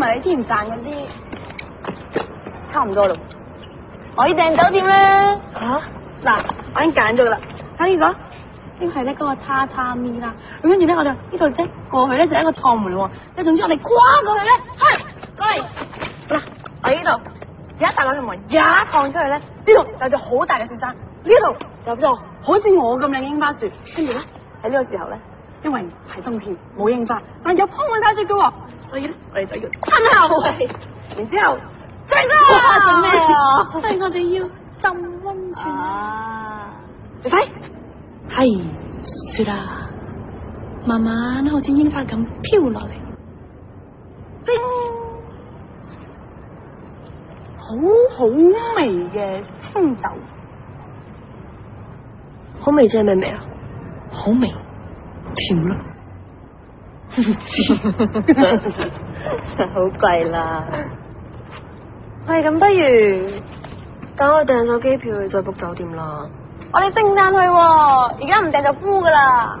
同埋你之前賺嗰啲，差唔多咯。我要訂酒店啦。吓、啊，嗱、啊，我已經揀咗噶啦。睇住啦，呢係咧嗰個榻榻米啦。咁跟住咧，我哋呢度即過去咧就係一個趟門咯。即總之我哋跨過去咧，過去過嚟嗱，喺呢度，而家大個門一趟出去咧，呢度有隻好大嘅雪山，呢度就座好似我咁靚嘅櫻花樹。跟住咧，喺呢個時候咧，因為。冬天冇櫻花，但又鋪滿晒雪嘅，所以咧我哋就要親下然之後，最憎做咩啊？我哋要浸溫泉。你睇，啊，係雪啊，慢慢好似櫻花咁飄落嚟。冰，好好味嘅青豆，好味即係咩味啊？好味，甜咯。唔 知， 好貴啦。喂，咁不如等我訂咗機票，去再 book 酒店啦。我哋聖誕去，而家唔訂就敷噶啦。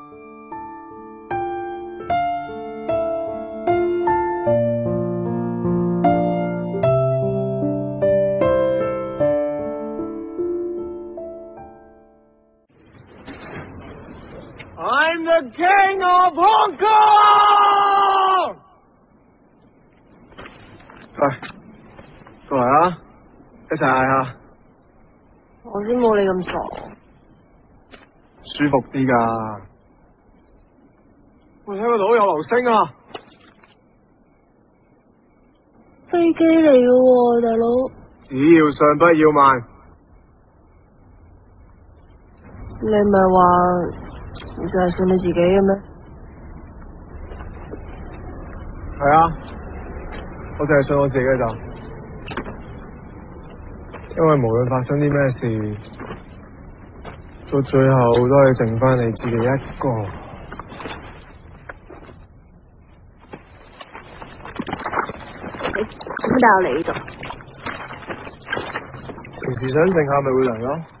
晒，就是，啊！我先冇你咁傻，舒服啲噶。喂，聽到有流星啊！飛機嚟嘅，大佬。只要上不要慢。你唔係話你淨係信你自己嘅咩？係啊，我淨係信我自己嘅。因為無論發生啲咩事，到最後都係剩翻你自己一個。你點解又嚟呢度？平時想靜下咪會嚟咯。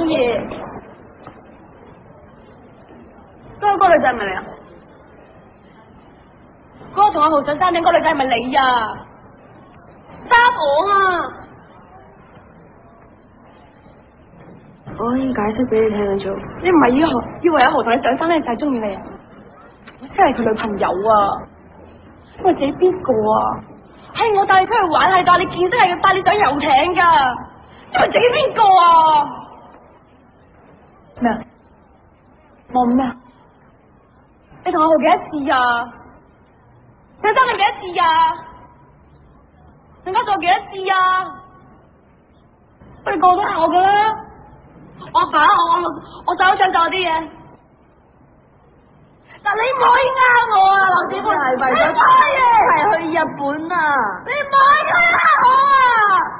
中意？個女仔係咪你啊？嗰、嗰個同阿豪上山頂嗰、嗰個女仔係咪你啊？揸我啊！我可以解釋俾你聽先做。你唔係啊？以為阿豪同你上山頂就係中意你啊？我真係佢女朋友啊！我係自己邊個啊？係我帶你出去玩，係帶你健身係，係帶你上遊艇噶。你係自己邊個啊？冇咩？你同我做幾多次啊？想生你幾多次啊？你而家做幾多次啊？不如過都係我噶啦，我反我我就好想做啲嘢，但你唔可以呃我啊！劉子光係為咗胎耶，係、啊、去日本啊！你唔可以呃我啊！